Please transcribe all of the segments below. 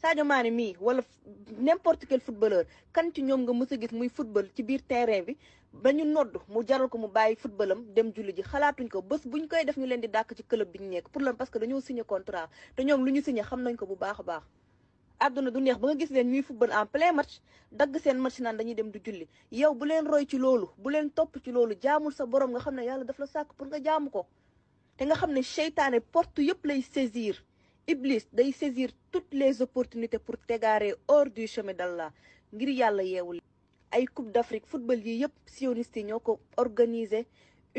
Sadio Mané mii wala n'importe quel footballeur kan ci ñoom nga mës a gis muy football ci biir terrain bi ba ñu nodd mu jaral ko mu bàyyi footballam dem julli ji xalaatuñ ko bës bu ñu koy def ñu leen di dàkk ci club bi ñu nekk pour lan parce que dañoo signé contrat te ñoom lu ñu signé xam nañ ko bu baax a baax. àdduna du neex ba nga gis leen ñuy football en plein match dagg seen match naan dañuy dem du julli yow bu leen roy ci loolu bu leen topp ci loolu jaamul sa borom nga xam ne yàlla daf la sàkk pour nga jaamu ko te nga xam ne seytaane porte yëpp lay saisir. Iblis day saisir toutes les opportunités pour t'égarer hors du chemin d'Allah ngir Yalla yewul ay coupe d'Afrique football yi yep sioniste ñoko organiser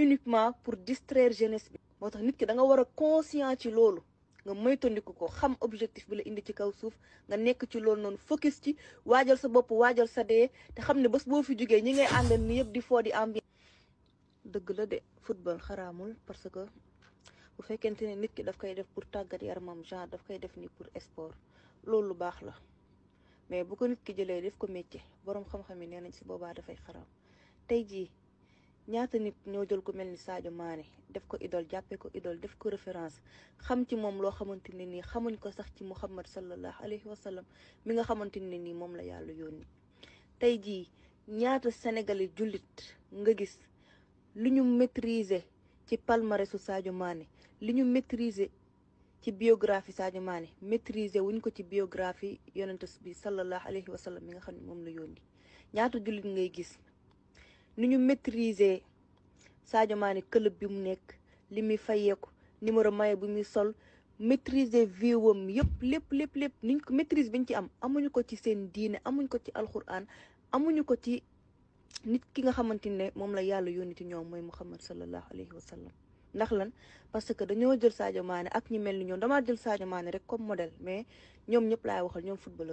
uniquement pour distraire jeunesse bi moo nit ki da nga wara conscient ci lolu nga moytandiku ko xam objectif bi la indi ci kaw souf nga nek ci lolu non focus ci waajal sa bop waajal sa dé te xam ne bés boo fi jógee ñi ngay andal ni yep di foo di ambiance deug la dé football kharamul parce que bu fekkente ne nit ki daf koy def pour tàggat yaramam genre daf koy def nii pour sport loolu lu baax la mais bu ko nit ki jëlee def ko métier borom xam-xam yi nee nañ si boobaa dafay xaram tey jii ñaata nit ñoo jël ko mel ni Sadio Mané def ko idole jàppee ko idole def ko référence xam ci moom loo xamante ne nii xamuñ ko sax ci Muhammad sallallahu alayhi wa sallam mi nga xamante ne nii moom la yàlla ni tey jii ñaata sénégalais jullit nga gis lu ñu maîtriser ci palmarèsu Sadio Mané li ñu maîtriser ci biographie Sadio Mané maîtriser wuñ ko ci biographie yonent bi sallallahu alayhi wa mi nga xam ne moom la yónni ñaata jullit ngay gis ni ñu maîtriser Sadio Mané club bi mu nekk li muy fayeeku numéro maye bu muy sol maîtriser vie yëpp lépp lépp lépp niñ ko maîtrise biñ ci am amuñu ko ci seen diine amuñ ko ci alquran amuñu ko ci nit ki nga xamante ne moom la yàlla yónni ci ñoom mooy Muhammad sallallahu alayhi wa sallam ndax lan parce que dañoo jël Sadio Mané ak ñi mel ni ñoom damaa jël Sadio Mané rek comme modèle mais ñoom ñëpp laay waxal ñoom footballeur